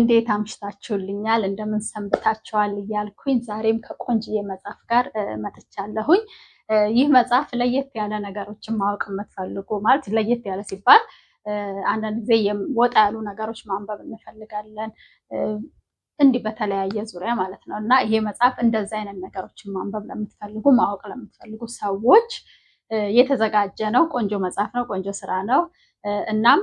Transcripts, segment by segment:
እንዴት አምሽታችሁልኛል? እንደምን ሰንብታችኋል? እያልኩኝ ዛሬም ከቆንጅዬ መጽሐፍ ጋር መጥቻለሁኝ። ይህ መጽሐፍ ለየት ያለ ነገሮችን ማወቅ የምትፈልጉ ማለት ለየት ያለ ሲባል አንዳንድ ጊዜ ወጣ ያሉ ነገሮች ማንበብ እንፈልጋለን፣ እንዲህ በተለያየ ዙሪያ ማለት ነው እና ይሄ መጽሐፍ እንደዚህ አይነት ነገሮችን ማንበብ ለምትፈልጉ ማወቅ ለምትፈልጉ ሰዎች የተዘጋጀ ነው። ቆንጆ መጽሐፍ ነው። ቆንጆ ስራ ነው። እናም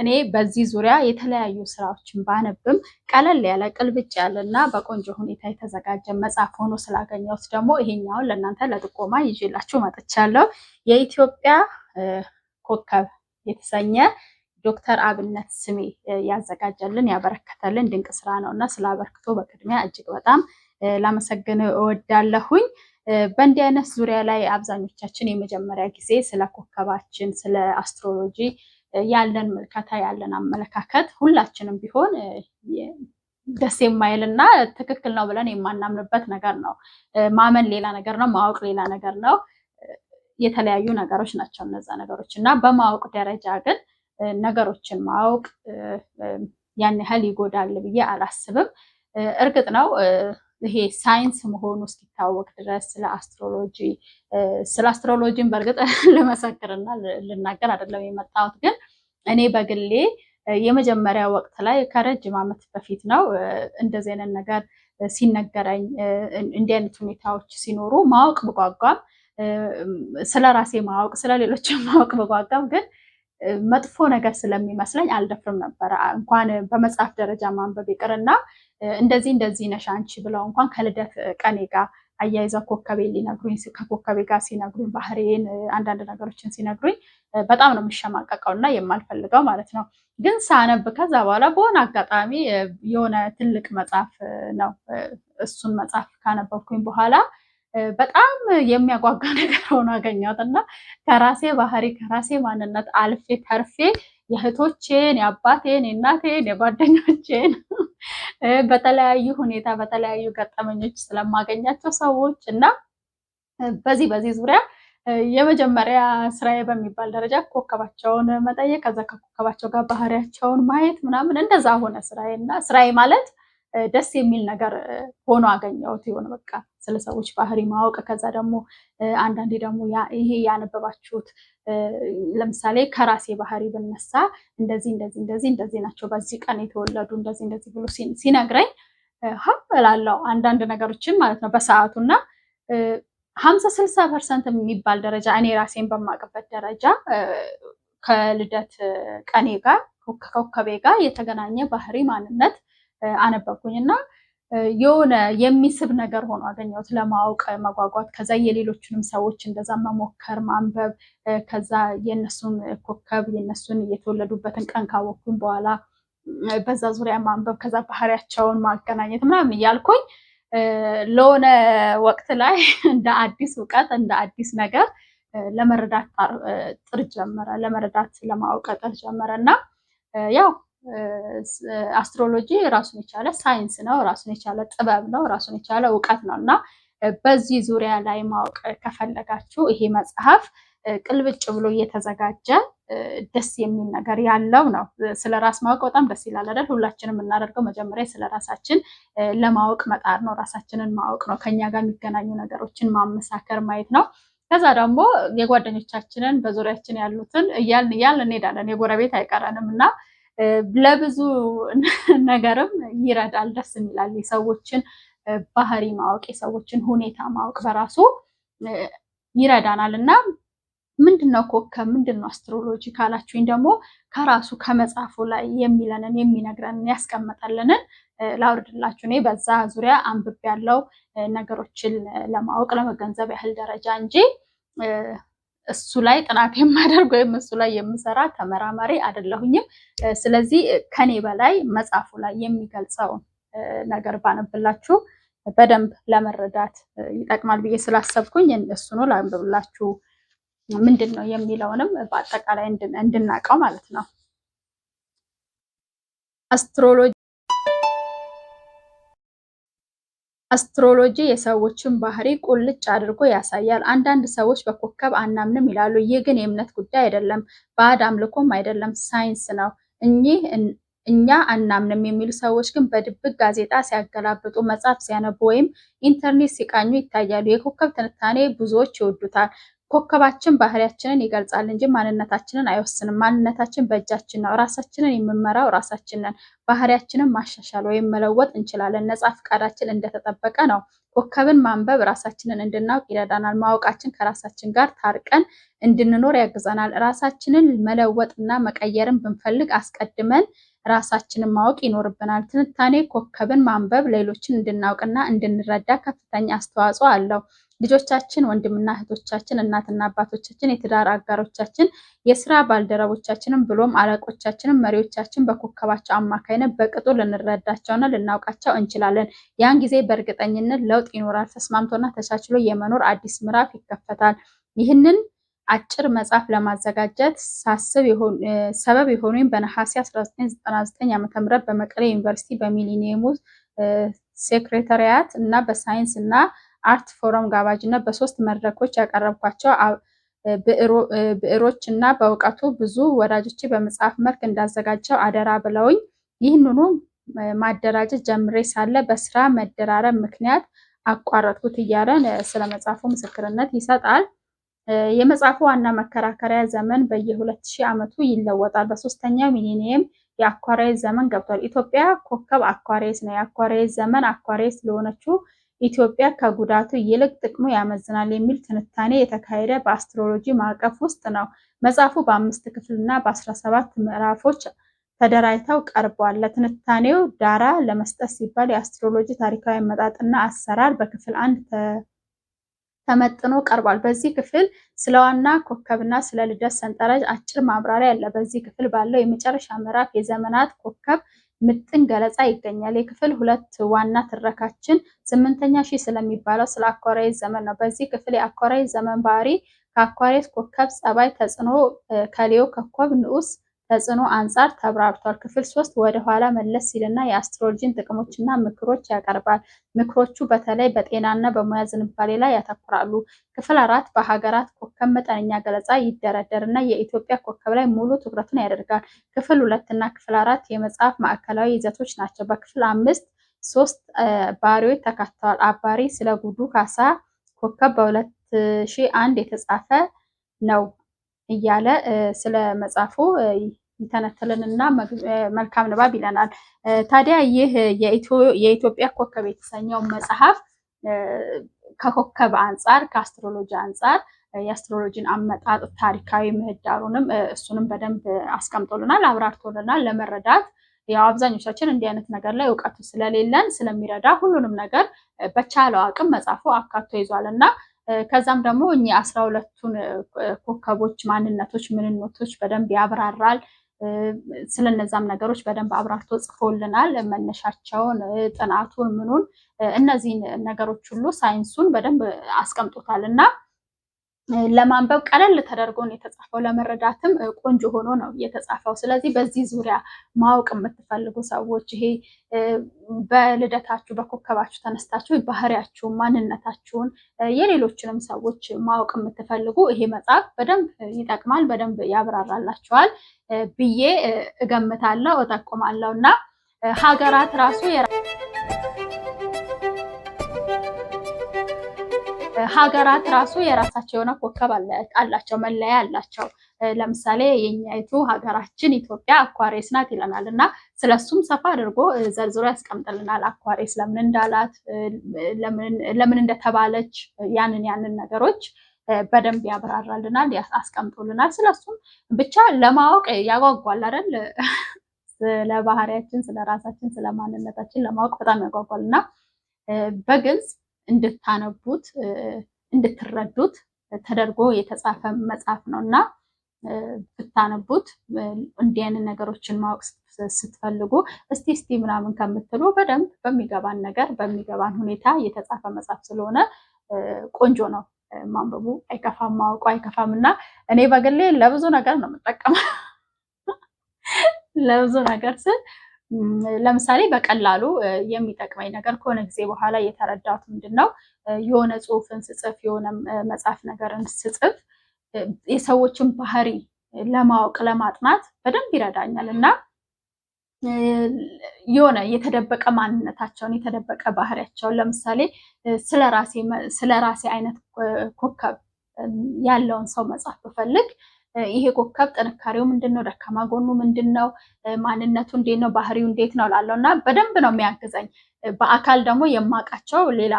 እኔ በዚህ ዙሪያ የተለያዩ ስራዎችን ባነብም ቀለል ያለ ቅልብጭ እና በቆንጆ ሁኔታ የተዘጋጀ መጽሐፍ ሆኖ ስላገኘሁት ደግሞ ይሄኛውን ለእናንተ ለጥቆማ ይዤላችሁ መጥቻለሁ። የኢትዮጵያ ኮከብ የተሰኘ ዶክተር አብነት ስሜ ያዘጋጀልን ያበረከተልን ድንቅ ስራ ነው እና ስላበርክቶ በቅድሚያ እጅግ በጣም ላመሰግን እወዳለሁኝ። በእንዲህ አይነት ዙሪያ ላይ አብዛኞቻችን የመጀመሪያ ጊዜ ስለ ኮከባችን ስለ አስትሮሎጂ ያለን ምልከታ ያለን አመለካከት ሁላችንም ቢሆን ደስ የማይል እና ትክክል ነው ብለን የማናምንበት ነገር ነው። ማመን ሌላ ነገር ነው፣ ማወቅ ሌላ ነገር ነው። የተለያዩ ነገሮች ናቸው እነዛ ነገሮች እና በማወቅ ደረጃ ግን ነገሮችን ማወቅ ያን ያህል ይጎዳል ብዬ አላስብም። እርግጥ ነው ይሄ ሳይንስ መሆኑ እስኪታወቅ ድረስ ስለ አስትሮሎጂ ስለ አስትሮሎጂን በእርግጥ ልመሰክርና ልናገር አይደለም የመጣሁት ግን እኔ በግሌ የመጀመሪያ ወቅት ላይ ከረጅም ዓመት በፊት ነው እንደዚህ አይነት ነገር ሲነገረኝ እንዲህ አይነት ሁኔታዎች ሲኖሩ ማወቅ ብጓጓም ስለ ራሴ ማወቅ ስለ ሌሎች ማወቅ ብጓጓም ግን መጥፎ ነገር ስለሚመስለኝ አልደፍርም ነበረ። እንኳን በመጽሐፍ ደረጃ ማንበብ ይቅርና እንደዚህ እንደዚህ ነሽ አንቺ ብለው እንኳን ከልደት ቀኔ ጋር አያይዘው ኮከቤ ሊነግሩኝ ከኮከቤ ጋር ሲነግሩኝ ባህሬን አንዳንድ ነገሮችን ሲነግሩኝ በጣም ነው የምሸማቀቀው እና የማልፈልገው ማለት ነው። ግን ሳነብ ከዛ በኋላ በሆነ አጋጣሚ የሆነ ትልቅ መጽሐፍ ነው። እሱን መጽሐፍ ካነበብኩኝ በኋላ በጣም የሚያጓጓ ነገር ሆኖ አገኘሁት እና ከራሴ ባህሪ ከራሴ ማንነት አልፌ ተርፌ የእህቶቼን፣ የአባቴን፣ የእናቴን፣ የጓደኞቼን በተለያዩ ሁኔታ በተለያዩ ገጠመኞች ስለማገኛቸው ሰዎች እና በዚህ በዚህ ዙሪያ የመጀመሪያ ስራዬ በሚባል ደረጃ ኮከባቸውን መጠየቅ ከዛ ከኮከባቸው ጋር ባህሪያቸውን ማየት ምናምን እንደዛ ሆነ ስራዬ እና ስራዬ ማለት ደስ የሚል ነገር ሆኖ አገኘሁት። የሆነ በቃ ስለ ሰዎች ባህሪ ማወቅ ከዛ ደግሞ አንዳንዴ ደግሞ ይሄ ያነበባችሁት ለምሳሌ ከራሴ ባህሪ ብነሳ እንደዚህ እንደዚህ እንደዚህ እንደዚህ ናቸው በዚህ ቀን የተወለዱ እንደዚህ እንደዚህ ብሎ ሲነግረኝ ሀበላለው አንዳንድ ነገሮችን ማለት ነው በሰዓቱ እና ሀምሳ ስልሳ ፐርሰንት የሚባል ደረጃ እኔ ራሴን በማቅበት ደረጃ ከልደት ቀኔ ጋር ከኮከቤ ጋር የተገናኘ ባህሪ ማንነት አነበብኩኝ እና የሆነ የሚስብ ነገር ሆኖ አገኘሁት። ለማወቅ መጓጓት፣ ከዛ የሌሎችንም ሰዎች እንደዛ መሞከር ማንበብ፣ ከዛ የነሱን ኮከብ የነሱን የተወለዱበትን ቀን ካወቅኩኝ በኋላ በዛ ዙሪያ ማንበብ፣ ከዛ ባህሪያቸውን ማገናኘት ምናምን እያልኩኝ ለሆነ ወቅት ላይ እንደ አዲስ እውቀት እንደ አዲስ ነገር ለመረዳት ጥር ጀመረ ለመረዳት ለማወቅ ጥር ጀመረ እና ያው አስትሮሎጂ ራሱን የቻለ ሳይንስ ነው፣ ራሱን የቻለ ጥበብ ነው፣ ራሱን የቻለ እውቀት ነው እና በዚህ ዙሪያ ላይ ማወቅ ከፈለጋችሁ ይሄ መጽሐፍ ቅልብጭ ብሎ እየተዘጋጀ ደስ የሚል ነገር ያለው ነው። ስለ ራስ ማወቅ በጣም ደስ ይላል አይደል? ሁላችንም የምናደርገው መጀመሪያ ስለ ራሳችን ለማወቅ መጣር ነው፣ ራሳችንን ማወቅ ነው፣ ከኛ ጋር የሚገናኙ ነገሮችን ማመሳከር ማየት ነው። ከዛ ደግሞ የጓደኞቻችንን በዙሪያችን ያሉትን እያልን እያልን እንሄዳለን። የጎረቤት አይቀረንም እና ለብዙ ነገርም ይረዳል። ደስ የሚላል የሰዎችን ባህሪ ማወቅ፣ የሰዎችን ሁኔታ ማወቅ በራሱ ይረዳናል እና ምንድን ነው ኮከብ፣ ምንድን ነው አስትሮሎጂ ካላችሁኝ ደግሞ ከራሱ ከመጽሐፉ ላይ የሚለንን የሚነግረንን ያስቀመጠልንን ላውርድላችሁ። እኔ በዛ ዙሪያ አንብቤ ያለው ነገሮችን ለማወቅ ለመገንዘብ ያህል ደረጃ እንጂ እሱ ላይ ጥናት የማደርግ ወይም እሱ ላይ የምሰራ ተመራማሪ አይደለሁኝም። ስለዚህ ከኔ በላይ መጽሐፉ ላይ የሚገልጸው ነገር ባነብላችሁ በደንብ ለመረዳት ይጠቅማል ብዬ ስላሰብኩኝ እሱኑ ላንብብላችሁ። ምንድን ነው የሚለውንም በአጠቃላይ እንድናውቀው ማለት ነው አስትሮሎጂ አስትሮሎጂ የሰዎችን ባህሪ ቁልጭ አድርጎ ያሳያል። አንዳንድ ሰዎች በኮከብ አናምንም ይላሉ። ይህ ግን የእምነት ጉዳይ አይደለም፣ ባዕድ አምልኮም አይደለም፣ ሳይንስ ነው። እኛ አናምንም የሚሉ ሰዎች ግን በድብቅ ጋዜጣ ሲያገላብጡ፣ መጽሐፍ ሲያነቡ ወይም ኢንተርኔት ሲቃኙ ይታያሉ። የኮከብ ትንታኔ ብዙዎች ይወዱታል። ኮከባችን ባህሪያችንን ይገልጻል እንጂ ማንነታችንን አይወስንም። ማንነታችን በእጃችን ነው። ራሳችንን የምንመራው ራሳችን ነን። ባህሪያችንን ማሻሻል ወይም መለወጥ እንችላለን። ነጻ ፈቃዳችን እንደተጠበቀ ነው። ኮከብን ማንበብ ራሳችንን እንድናውቅ ይረዳናል። ማወቃችን ከራሳችን ጋር ታርቀን እንድንኖር ያግዘናል። ራሳችንን መለወጥና መቀየርን ብንፈልግ አስቀድመን ራሳችንን ማወቅ ይኖርብናል። ትንታኔ ኮከብን ማንበብ ሌሎችን እንድናውቅና እንድንረዳ ከፍተኛ አስተዋጽኦ አለው። ልጆቻችን፣ ወንድምና እህቶቻችን፣ እናትና አባቶቻችን፣ የትዳር አጋሮቻችን፣ የስራ ባልደረቦቻችንም ብሎም አለቆቻችንም መሪዎቻችን በኮከባቸው አማካይነት በቅጡ ልንረዳቸውና ልናውቃቸው እንችላለን። ያን ጊዜ በእርግጠኝነት ለውጥ ይኖራል። ተስማምቶና ተቻችሎ የመኖር አዲስ ምዕራፍ ይከፈታል። ይህንን አጭር መጽሐፍ ለማዘጋጀት ሳስብ ሰበብ የሆኑኝ በነሐሴ 1999 ዓ ም በመቀሌ ዩኒቨርሲቲ በሚሊኒየሙ ሴክሬታሪያት እና በሳይንስ እና አርት ፎረም እና በሶስት መድረኮች ያቀረብኳቸው ብዕሮች እና በእውቀቱ ብዙ ወዳጆች በመጽሐፍ መልክ እንዳዘጋጀው አደራ ብለውኝ ይህንኑ ማደራጀት ጀምሬ ሳለ በስራ መደራረብ ምክንያት አቋረጥኩት እያለን ስለ መጽሐፉ ምስክርነት ይሰጣል። የመጽሐፉ ዋና መከራከሪያ ዘመን በየሁለት ሺህ ዓመቱ ይለወጣል። በሶስተኛው ሚሊኒየም የአኳሪየስ ዘመን ገብቷል። ኢትዮጵያ ኮከብ አኳሬስ ነው። የአኳሪየስ ዘመን አኳሪየስ ለሆነችው ኢትዮጵያ ከጉዳቱ ይልቅ ጥቅሙ ያመዝናል የሚል ትንታኔ የተካሄደ በአስትሮሎጂ ማዕቀፍ ውስጥ ነው። መጽሐፉ በአምስት ክፍልና በአስራ ሰባት ምዕራፎች ተደራጅተው ቀርቧል። ለትንታኔው ዳራ ለመስጠት ሲባል የአስትሮሎጂ ታሪካዊ አመጣጥና አሰራር በክፍል አንድ ተመጥኖ ቀርቧል። በዚህ ክፍል ስለ ዋና ኮከብና ስለ ልደት ሰንጠረዥ አጭር ማብራሪያ አለ። በዚህ ክፍል ባለው የመጨረሻ ምዕራፍ የዘመናት ኮከብ ምጥን ገለጻ ይገኛል። የክፍል ሁለት ዋና ትረካችን ስምንተኛ ሺህ ስለሚባለው ስለ አኳሪየስ ዘመን ነው። በዚህ ክፍል የአኳሪየስ ዘመን ባህሪ ከአኳሪየስ ኮከብ ጸባይ ተጽዕኖ ከሊዮ ኮከብ ንዑስ ተጽዕኖ አንጻር ተብራርቷል። ክፍል ሶስት ወደ ኋላ መለስ ሲልና የአስትሮሎጂን ጥቅሞችና ምክሮች ያቀርባል። ምክሮቹ በተለይ በጤናና በሙያ ዝንባሌ ላይ ያተኩራሉ። ክፍል አራት በሀገራት ኮከብ መጠነኛ ገለጻ ይደረደርና የኢትዮጵያ ኮከብ ላይ ሙሉ ትኩረቱን ያደርጋል። ክፍል ሁለትና ክፍል አራት የመጽሐፍ ማዕከላዊ ይዘቶች ናቸው። በክፍል አምስት ሶስት አባሪዎች ተካተዋል። አባሪ ስለ ጉዱ ካሳ ኮከብ በሁለት ሺህ አንድ የተጻፈ ነው። እያለ ስለ መጽሐፉ ይተነትልንና መልካም ንባብ ይለናል። ታዲያ ይህ የኢትዮጵያ ኮከብ የተሰኘው መጽሐፍ ከኮከብ አንጻር ከአስትሮሎጂ አንጻር የአስትሮሎጂን አመጣጥ ታሪካዊ ምህዳሩንም እሱንም በደንብ አስቀምጦልናል፣ አብራርቶልናል። ለመረዳት ያው አብዛኞቻችን እንዲህ አይነት ነገር ላይ እውቀቱ ስለሌለን ስለሚረዳ ሁሉንም ነገር በቻለው አቅም መጽሐፉ አካቶ ይዟል እና ከዛም ደግሞ እ አስራ ሁለቱን ኮከቦች ማንነቶች፣ ምንነቶች በደንብ ያብራራል። ስለነዛም ነገሮች በደንብ አብራርቶ ጽፎልናል። መነሻቸውን፣ ጥናቱን፣ ምኑን እነዚህን ነገሮች ሁሉ ሳይንሱን በደንብ አስቀምጦታል እና ለማንበብ ቀለል ተደርጎ ነው የተጻፈው። ለመረዳትም ቆንጆ ሆኖ ነው የተጻፈው። ስለዚህ በዚህ ዙሪያ ማወቅ የምትፈልጉ ሰዎች ይሄ በልደታችሁ በኮከባችሁ ተነስታችሁ ባህሪያችሁን፣ ማንነታችሁን የሌሎችንም ሰዎች ማወቅ የምትፈልጉ ይሄ መጽሐፍ በደንብ ይጠቅማል፣ በደንብ ያብራራላችኋል ብዬ እገምታለሁ እጠቁማለሁ እና ሀገራት ራሱ ሀገራት ራሱ የራሳቸው የሆነ ኮከብ አላቸው፣ መለያ አላቸው። ለምሳሌ የኛይቱ ሀገራችን ኢትዮጵያ አኳሬስ ናት ይለናል እና ስለሱም ሰፋ አድርጎ ዘርዝሮ ያስቀምጥልናል። አኳሬስ ለምን እንዳላት ለምን እንደተባለች ያንን ያንን ነገሮች በደንብ ያብራራልናል፣ አስቀምጦልናል። ስለሱም ብቻ ለማወቅ ያጓጓል አይደል? ስለ ባህሪያችን፣ ስለ ራሳችን፣ ስለ ማንነታችን ለማወቅ በጣም ያጓጓል እና በግልጽ እንድታነቡት እንድትረዱት ተደርጎ የተጻፈ መጽሐፍ ነው እና ብታነቡት እንዲህ አይነት ነገሮችን ማወቅ ስትፈልጉ እስቲ እስቲ ምናምን ከምትሉ በደንብ በሚገባን ነገር በሚገባን ሁኔታ የተጻፈ መጽሐፍ ስለሆነ ቆንጆ ነው። ማንበቡ አይከፋም፣ ማወቁ አይከፋም እና እኔ በግሌ ለብዙ ነገር ነው የምጠቀመው ለብዙ ነገር ስል ለምሳሌ በቀላሉ የሚጠቅመኝ ነገር ከሆነ ጊዜ በኋላ የተረዳሁት ምንድን ነው፣ የሆነ ጽሁፍን ስጽፍ የሆነ መጽሐፍ ነገርን ስጽፍ የሰዎችን ባህሪ ለማወቅ ለማጥናት በደንብ ይረዳኛል እና የሆነ የተደበቀ ማንነታቸውን የተደበቀ ባህሪያቸውን ለምሳሌ ስለራሴ አይነት ኮከብ ያለውን ሰው መጽሐፍ ብፈልግ ይሄ ኮከብ ጥንካሬው ምንድን ነው? ደካማ ጎኑ ምንድን ነው? ማንነቱ እንዴት ነው? ባህሪው እንዴት ነው? ላለው እና በደንብ ነው የሚያግዘኝ። በአካል ደግሞ የማውቃቸው ሌላ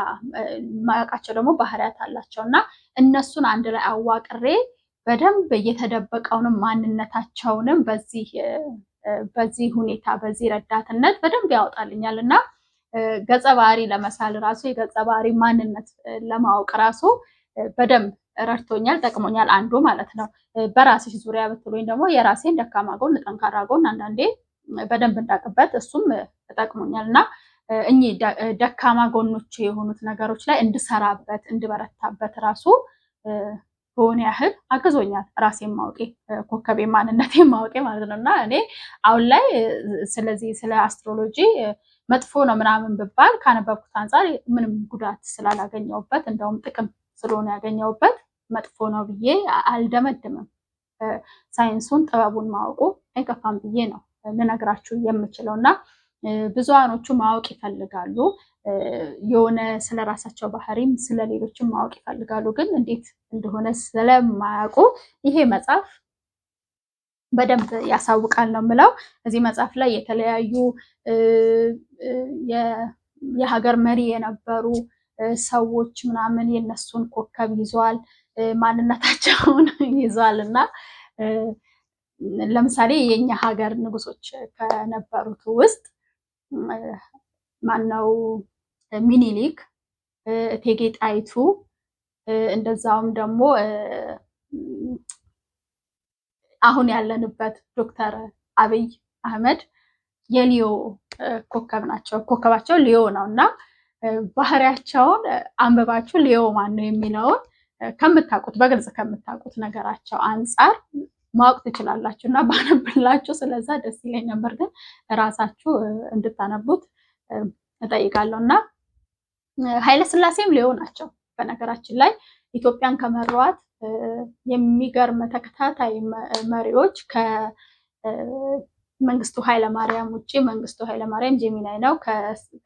የማውቃቸው ደግሞ ባህሪያት አላቸው እና እነሱን አንድ ላይ አዋቅሬ በደንብ እየተደበቀውንም ማንነታቸውንም በዚህ በዚህ ሁኔታ በዚህ ረዳትነት በደንብ ያወጣልኛል እና ገጸ ባህሪ ለመሳል ራሱ የገጸ ባህሪ ማንነት ለማወቅ ራሱ በደንብ ረድቶኛል፣ ጠቅሞኛል አንዱ ማለት ነው። በራስሽ ዙሪያ ወይም ደግሞ የራሴን ደካማ ጎን፣ ጠንካራ ጎን አንዳንዴ በደንብ እንዳቅበት እሱም ጠቅሞኛል እና እኚህ ደካማ ጎኖች የሆኑት ነገሮች ላይ እንድሰራበት እንድበረታበት ራሱ በሆነ ያህል አግዞኛል። ራሴን ማወቄ ኮከቤ ማንነቴ ማወቄ ማለት ነው እና እኔ አሁን ላይ ስለዚህ ስለ አስትሮሎጂ መጥፎ ነው ምናምን ብባል ካነበብኩት አንጻር ምንም ጉዳት ስላላገኘውበት እንደውም ጥቅም ስለሆነ ያገኘውበት መጥፎ ነው ብዬ አልደመድምም። ሳይንሱን ጥበቡን ማወቁ አይከፋም ብዬ ነው ልነግራችሁ የምችለው እና ብዙሃኖቹ ማወቅ ይፈልጋሉ። የሆነ ስለ ራሳቸው ባህሪም ስለ ሌሎችም ማወቅ ይፈልጋሉ። ግን እንዴት እንደሆነ ስለማያውቁ ይሄ መጽሐፍ በደንብ ያሳውቃል ነው የምለው። እዚህ መጽሐፍ ላይ የተለያዩ የሀገር መሪ የነበሩ ሰዎች ምናምን የነሱን ኮከብ ይዟል። ማንነታቸውን ይዟል እና ለምሳሌ የኛ ሀገር ንጉሶች ከነበሩት ውስጥ ማነው ሚኒሊክ፣ እቴጌ ጣይቱ እንደዛውም ደግሞ አሁን ያለንበት ዶክተር አብይ አህመድ የሊዮ ኮከብ ናቸው። ኮከባቸው ሊዮ ነው እና ባህሪያቸውን አንብባችሁ ሊዮ ማን ነው የሚለውን ከምታውቁት በግልጽ ከምታውቁት ነገራቸው አንጻር ማወቅ ትችላላችሁ እና ባነብላችሁ ስለዛ ደስ ይለኝ ነበር፣ ግን እራሳችሁ እንድታነቡት እጠይቃለሁ። እና ኃይለስላሴም ሌው ናቸው። በነገራችን ላይ ኢትዮጵያን ከመሯት የሚገርም ተከታታይ መሪዎች ከመንግስቱ ኃይለማርያም ውጭ መንግስቱ ኃይለማርያም ጀሚናይ ነው።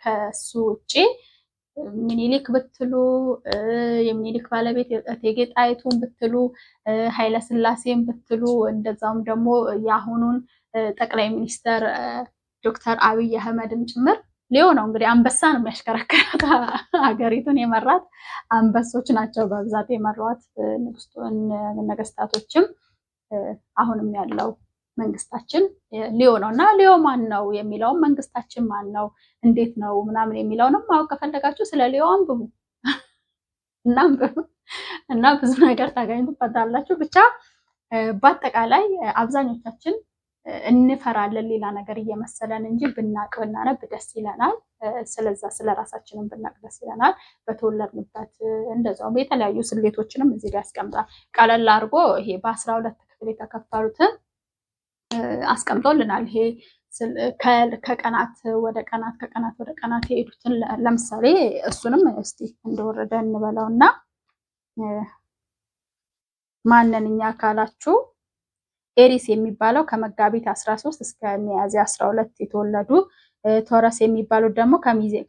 ከሱ ውጭ ምኒልክ ብትሉ የሚኒልክ ባለቤት እቴጌ ጣይቱን ብትሉ ስላሴን ብትሉ እንደዛውም ደግሞ የአሁኑን ጠቅላይ ሚኒስተር ዶክተር አብይ አህመድም ጭምር ሊዮ ነው እንግዲህ አንበሳ ነው የሚያሽከረከራት ሀገሪቱን የመራት አንበሶች ናቸው በብዛት የመሯት ነገስታቶችም አሁንም ያለው መንግስታችን ሊዮ ነው እና ሊዮ ማን ነው የሚለውም መንግስታችን ማን ነው እንዴት ነው ምናምን የሚለውንም ማወቅ ከፈለጋችሁ ስለ ሊዮ አንብቡ እና ብዙ ነገር ታገኙበታላችሁ። ብቻ በአጠቃላይ አብዛኞቻችን እንፈራለን ሌላ ነገር እየመሰለን እንጂ ብናቅ ብናነብ ደስ ይለናል። ስለዛ ስለ ራሳችንም ብናቅ ደስ ይለናል። በተወለድንበት እንደዛውም የተለያዩ ስሌቶችንም እዚህ ላይ ያስቀምጣል። ቀለል አድርጎ ይሄ በአስራ ሁለት ክፍል የተከፈሉትን አስቀምጦልናል። ይሄ ከቀናት ወደ ቀናት ከቀናት ወደ ቀናት የሄዱትን ለምሳሌ እሱንም እስቲ እንደወረደ እንበለው እና ማንን እኛ ካላችሁ ኤሪስ የሚባለው ከመጋቢት 13 እስከ ሚያዝያ 12 የተወለዱ ቶረስ የሚባሉት ደግሞ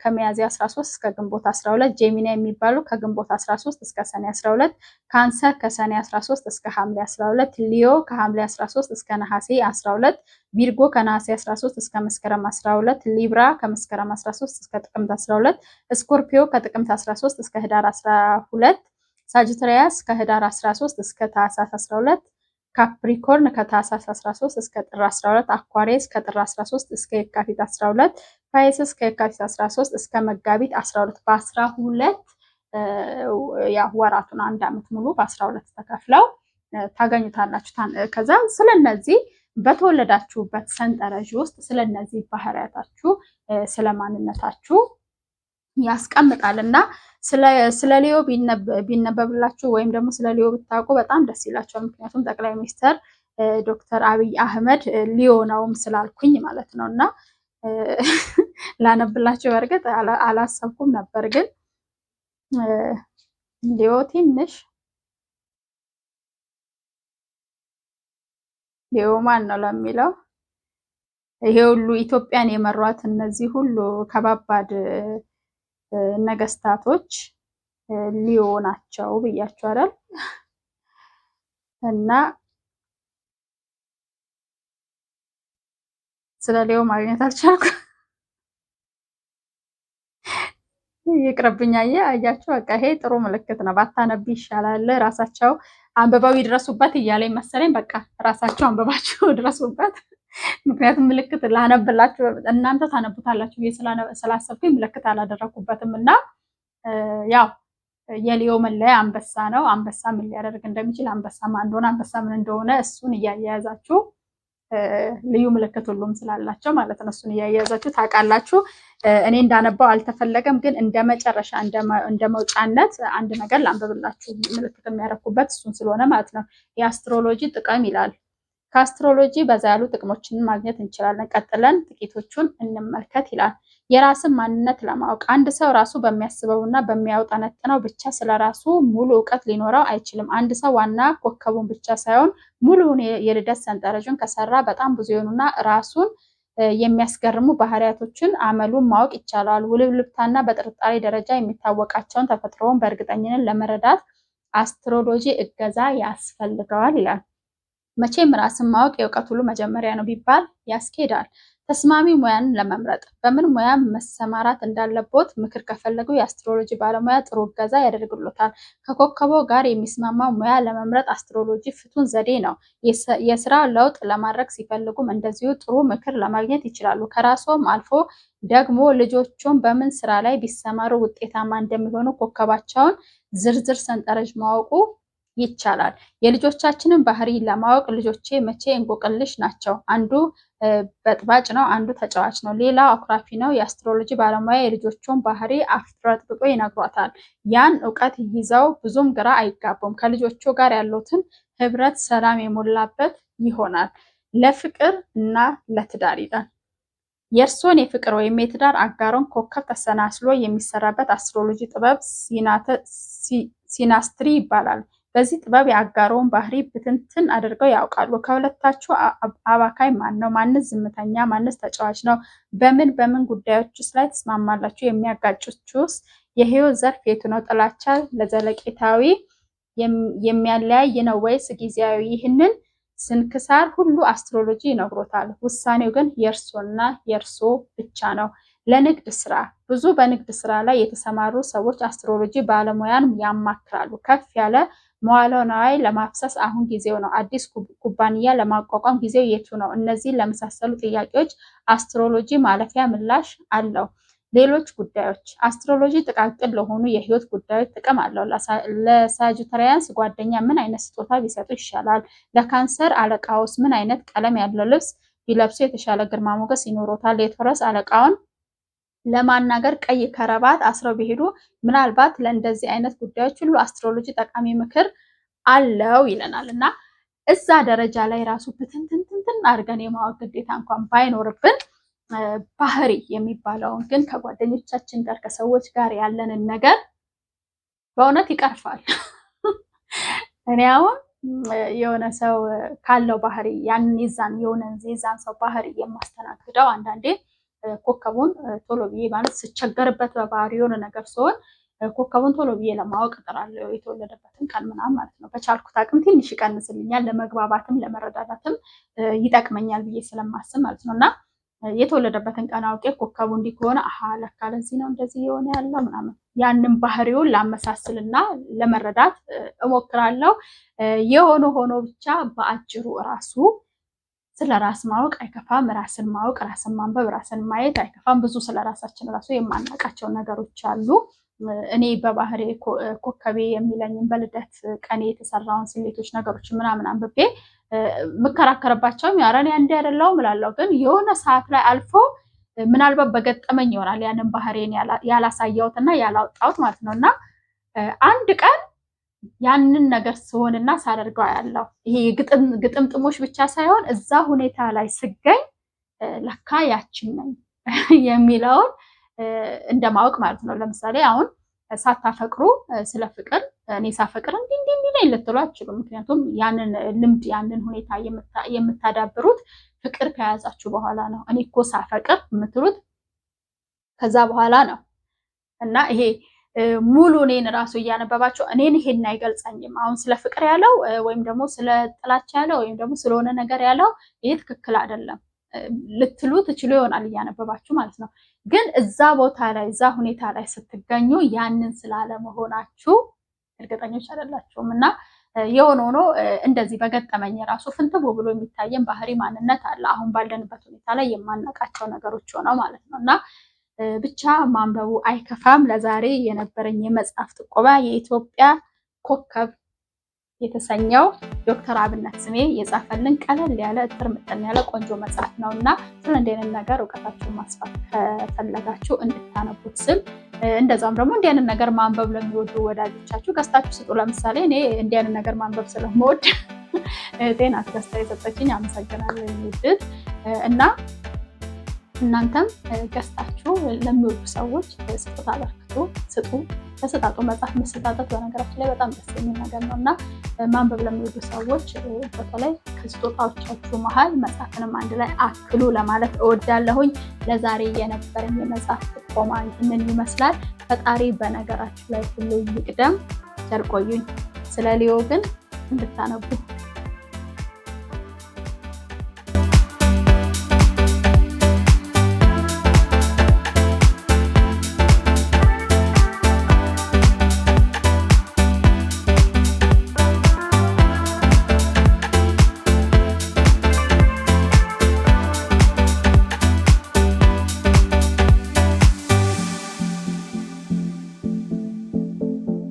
ከሚያዝያ 13 እስከ ግንቦት 12፣ ጄሚና የሚባሉ ከግንቦት 13 እስከ ሰኔ 12፣ ካንሰር ከሰኔ 13 እስከ ሐምሌ 12፣ ሊዮ ከሐምሌ 13 እስከ ነሐሴ 12፣ ቪርጎ ከነሐሴ 13 እስከ መስከረም 12፣ ሊብራ ከመስከረም 13 እስከ ጥቅምት 12፣ ስኮርፒዮ ከጥቅምት 13 እስከ ህዳር 12፣ ሳጅትሪያስ ከህዳር 13 እስከ ታህሳስ 12 ካፕሪኮርን ከታህሳስ 13 እስከ ጥር 12፣ አኳሪየስ ከጥር 13 እስከ የካቲት 12፣ ፓይሰስ ከየካቲት 13 እስከ መጋቢት 12 በ12 ወራቱን አንድ አመት ሙሉ በ12 ተከፍለው ታገኙታላችሁ። ከዛ ስለነዚህ በተወለዳችሁበት ሰንጠረዥ ውስጥ ስለነዚህ ባህሪያታችሁ ስለማንነታችሁ ያስቀምጣል እና ስለ ሊዮ ቢነበብላችሁ ወይም ደግሞ ስለ ሊዮ ብታውቁ በጣም ደስ ይላቸዋል። ምክንያቱም ጠቅላይ ሚኒስትር ዶክተር አብይ አህመድ ሊዮ ነውም ስላልኩኝ ማለት ነው እና ላነብላቸው በእርግጥ አላሰብኩም ነበር፣ ግን ሊዮ ትንሽ ሊዮ ማን ነው ለሚለው ይሄ ሁሉ ኢትዮጵያን የመሯት እነዚህ ሁሉ ከባባድ ነገስታቶች ሊዮ ናቸው ብያችሁ እና ስለ ሊዮ ማግኘት አልቻልኩ። ይቅርብኛ። አያችሁ፣ በቃ ይሄ ጥሩ ምልክት ነው። ባታነብ ይሻላል። ራሳቸው አንብበው ይድረሱበት እያለኝ መሰለኝ። በቃ ራሳቸው አንብባቸው ድረሱበት። ምክንያቱም ምልክት ላነብላችሁ እናንተ ታነቡታላችሁ ብዬ ስላሰብኩኝ ምልክት አላደረግኩበትም። እና ያው የሊዮ መለያ አንበሳ ነው። አንበሳ ምን ሊያደርግ እንደሚችል አንበሳ ማን እንደሆነ አንበሳ ምን እንደሆነ እሱን እያያያዛችሁ ልዩ ምልክት ሁሉም ስላላቸው ማለት ነው። እሱን እያያያዛችሁ ታውቃላችሁ። እኔ እንዳነባው አልተፈለገም፣ ግን እንደ መጨረሻ እንደ መውጫነት አንድ ነገር ላንብብላችሁ ምልክት የሚያረኩበት እሱን ስለሆነ ማለት ነው። የአስትሮሎጂ ጥቅም ይላል ከአስትሮሎጂ በዛ ያሉ ጥቅሞችን ማግኘት እንችላለን። ቀጥለን ጥቂቶቹን እንመልከት ይላል። የራስን ማንነት ለማወቅ አንድ ሰው ራሱ በሚያስበውና በሚያውጠነጥነው ብቻ ስለ ራሱ ሙሉ እውቀት ሊኖረው አይችልም። አንድ ሰው ዋና ኮከቡን ብቻ ሳይሆን ሙሉውን የልደት ሰንጠረዥን ከሰራ በጣም ብዙ የሆኑና ራሱን የሚያስገርሙ ባህሪያቶችን አመሉን ማወቅ ይቻላል። ውልብልብታና በጥርጣሬ ደረጃ የሚታወቃቸውን ተፈጥሮውን በእርግጠኝነት ለመረዳት አስትሮሎጂ እገዛ ያስፈልገዋል ይላል። መቼም ራስን ማወቅ የእውቀት ሁሉ መጀመሪያ ነው ቢባል ያስኬዳል። ተስማሚ ሙያን ለመምረጥ በምን ሙያ መሰማራት እንዳለቦት ምክር ከፈለጉ የአስትሮሎጂ ባለሙያ ጥሩ እገዛ ያደርግሎታል። ከኮከቦ ጋር የሚስማማ ሙያ ለመምረጥ አስትሮሎጂ ፍቱን ዘዴ ነው። የስራ ለውጥ ለማድረግ ሲፈልጉም እንደዚሁ ጥሩ ምክር ለማግኘት ይችላሉ። ከራስዎም አልፎ ደግሞ ልጆቹን በምን ስራ ላይ ቢሰማሩ ውጤታማ እንደሚሆኑ ኮከባቸውን ዝርዝር ሰንጠረዥ ማወቁ ይቻላል። የልጆቻችንን ባህሪ ለማወቅ ልጆቼ መቼ እንቆቅልሽ ናቸው፣ አንዱ በጥባጭ ነው፣ አንዱ ተጫዋች ነው፣ ሌላው አኩራፊ ነው። የአስትሮሎጂ ባለሙያ የልጆቹን ባህሪ አፍረጥብጦ ይነግሯታል። ያን እውቀት ይዘው ብዙም ግራ አይጋቡም። ከልጆቹ ጋር ያሉትን ህብረት ሰላም የሞላበት ይሆናል። ለፍቅር እና ለትዳር ይላል። የእርስዎን የፍቅር ወይም የትዳር አጋሮን ኮከብ ተሰናስሎ የሚሰራበት አስትሮሎጂ ጥበብ ሲናስትሪ ይባላል። በዚህ ጥበብ የአጋሮውን ባህሪ ብትንትን አድርገው ያውቃሉ። ከሁለታችሁ አባካይ ማን ነው? ማንስ ዝምተኛ፣ ማንስ ተጫዋች ነው? በምን በምን ውስጥ ላይ ትስማማላችሁ? የሚያጋጩችውስ የህይወት ዘርፍ የቱ ነው? ጥላቻ ለዘለቄታዊ የሚያለያይ ነው ወይስ ጊዜያዊ? ይህንን ስንክሳር ሁሉ አስትሮሎጂ ይነግሮታል። ውሳኔው ግን የእርሶና የእርሶ ብቻ ነው። ለንግድ ስራ ብዙ በንግድ ስራ ላይ የተሰማሩ ሰዎች አስትሮሎጂ ባለሙያን ያማክራሉ። ከፍ ያለ መዋለ ንዋይ ለማፍሰስ አሁን ጊዜው ነው። አዲስ ኩባንያ ለማቋቋም ጊዜው የቱ ነው? እነዚህን ለመሳሰሉ ጥያቄዎች አስትሮሎጂ ማለፊያ ምላሽ አለው። ሌሎች ጉዳዮች አስትሮሎጂ ጥቃቅን ለሆኑ የህይወት ጉዳዮች ጥቅም አለው። ለሳጅተሪያንስ ጓደኛ ምን አይነት ስጦታ ቢሰጡ ይሻላል? ለካንሰር አለቃውስ ምን አይነት ቀለም ያለው ልብስ ቢለብሱ የተሻለ ግርማ ሞገስ ይኖሮታል? የቶረስ አለቃውን ለማናገር ቀይ ከረባት አስረው ቢሄዱ ምናልባት ለእንደዚህ አይነት ጉዳዮች ሁሉ አስትሮሎጂ ጠቃሚ ምክር አለው ይለናል እና እዛ ደረጃ ላይ ራሱ ብትንትንትንትን አድርገን የማወቅ ግዴታ እንኳን ባይኖርብን ባህሪ የሚባለውን ግን ከጓደኞቻችን ጋር ከሰዎች ጋር ያለንን ነገር በእውነት ይቀርፋል። እኔ አሁን የሆነ ሰው ካለው ባህሪ ያን የዛን የሆነ የዛን ሰው ባህሪ የማስተናግደው አንዳንዴ ኮከቡን ቶሎ ብዬ ማለት ስቸገርበት በባህሪ የሆነ ነገር ሲሆን ኮከቡን ቶሎ ብዬ ለማወቅ እጥራለሁ። የተወለደበትን ቀን ምናምን ማለት ነው። በቻልኩት አቅም ትንሽ ይቀንስልኛል፣ ለመግባባትም ለመረዳዳትም ይጠቅመኛል ብዬ ስለማስብ ማለት ነው። እና የተወለደበትን ቀን አውቄ ኮከቡ እንዲህ ከሆነ አሀ ለካ ለዚህ ነው እንደዚህ የሆነ ያለው ምናምን ያንን ባህሪውን ላመሳስልና ለመረዳት እሞክራለሁ። የሆነ ሆኖ ብቻ በአጭሩ እራሱ ስለ ራስ ማወቅ አይከፋም። ራስን ማወቅ፣ ራስን ማንበብ፣ ራስን ማየት አይከፋም። ብዙ ስለ ራሳችን ራሱ የማናውቃቸው ነገሮች አሉ። እኔ በባህሬ ኮከቤ የሚለኝን በልደት ቀኔ የተሰራውን ስሌቶች ነገሮች ምናምን አንብቤ የምከራከርባቸውም ያረን አንዴ አይደለሁም እላለሁ። ግን የሆነ ሰዓት ላይ አልፎ ምናልባት በገጠመኝ ይሆናል ያንን ባህሬን ያላሳየሁት እና ያላወጣሁት ማለት ነው እና አንድ ቀን ያንን ነገር ስሆንና ሳደርገው ያለው ይሄ ግጥምጥሞች ብቻ ሳይሆን እዛ ሁኔታ ላይ ስገኝ ለካ ያችን ነኝ የሚለውን እንደማወቅ ማለት ነው። ለምሳሌ አሁን ሳታፈቅሩ ስለ ፍቅር እኔ ሳፈቅር እንዲህ እንዲህ እንዲህ ልትሉ አችሉም። ምክንያቱም ያንን ልምድ ያንን ሁኔታ የምታዳብሩት ፍቅር ከያዛችሁ በኋላ ነው። እኔ እኮ ሳፈቅር የምትሉት ከዛ በኋላ ነው እና ይሄ ሙሉ እኔን ራሱ እያነበባቸው እኔን ይሄን አይገልጸኝም። አሁን ስለ ፍቅር ያለው ወይም ደግሞ ስለ ጥላቻ ያለው ወይም ደግሞ ስለሆነ ነገር ያለው ይሄ ትክክል አይደለም ልትሉ ትችሉ ይሆናል እያነበባችሁ ማለት ነው። ግን እዛ ቦታ ላይ እዛ ሁኔታ ላይ ስትገኙ ያንን ስላለመሆናችሁ እርግጠኞች አይደላችሁም እና የሆነ ሆኖ እንደዚህ በገጠመኝ የራሱ ፍንትው ብሎ የሚታየን ባህሪ ማንነት አለ። አሁን ባለንበት ሁኔታ ላይ የማናውቃቸው ነገሮች ሆነው ማለት ነው እና ብቻ ማንበቡ አይከፋም። ለዛሬ የነበረኝ የመጽሐፍ ጥቆማ የኢትዮጵያ ኮከብ የተሰኘው ዶክተር አብነት ስሜ የጻፈልን ቀለል ያለ እጥር ምጥን ያለ ቆንጆ መጽሐፍ ነው እና ስለ እንደንን ነገር እውቀታችሁን ማስፋት ከፈለጋችሁ እንድታነቡት ስል እንደዛም ደግሞ እንዲያንን ነገር ማንበብ ለሚወዱ ወዳጆቻችሁ ገዝታችሁ ስጡ። ለምሳሌ እኔ እንዲያንን ነገር ማንበብ ስለምወድ ጤና ገዝታ የሰጠችኝ አመሰግናለሁ። እና እናንተም ገዝታችሁ ለሚወዱ ሰዎች ስጦታ አበርክቶ ስጡ። ተሰጣጡ መጽሐፍ መሰጣጠት በነገራችን ላይ በጣም ደስ የሚል ነገር ነው እና ማንበብ ለሚወዱ ሰዎች በተለይ ከስጦታዎቻችሁ መሀል መጽሐፍንም አንድ ላይ አክሉ ለማለት እወዳለሁኝ። ለዛሬ የነበረኝ የመጽሐፍ ጥቆማ ምን ይመስላል? ፈጣሪ በነገራችሁ ላይ ሁሉ ይቅደም። ቸር ስለ ሊዮ ግን እንድታነቡ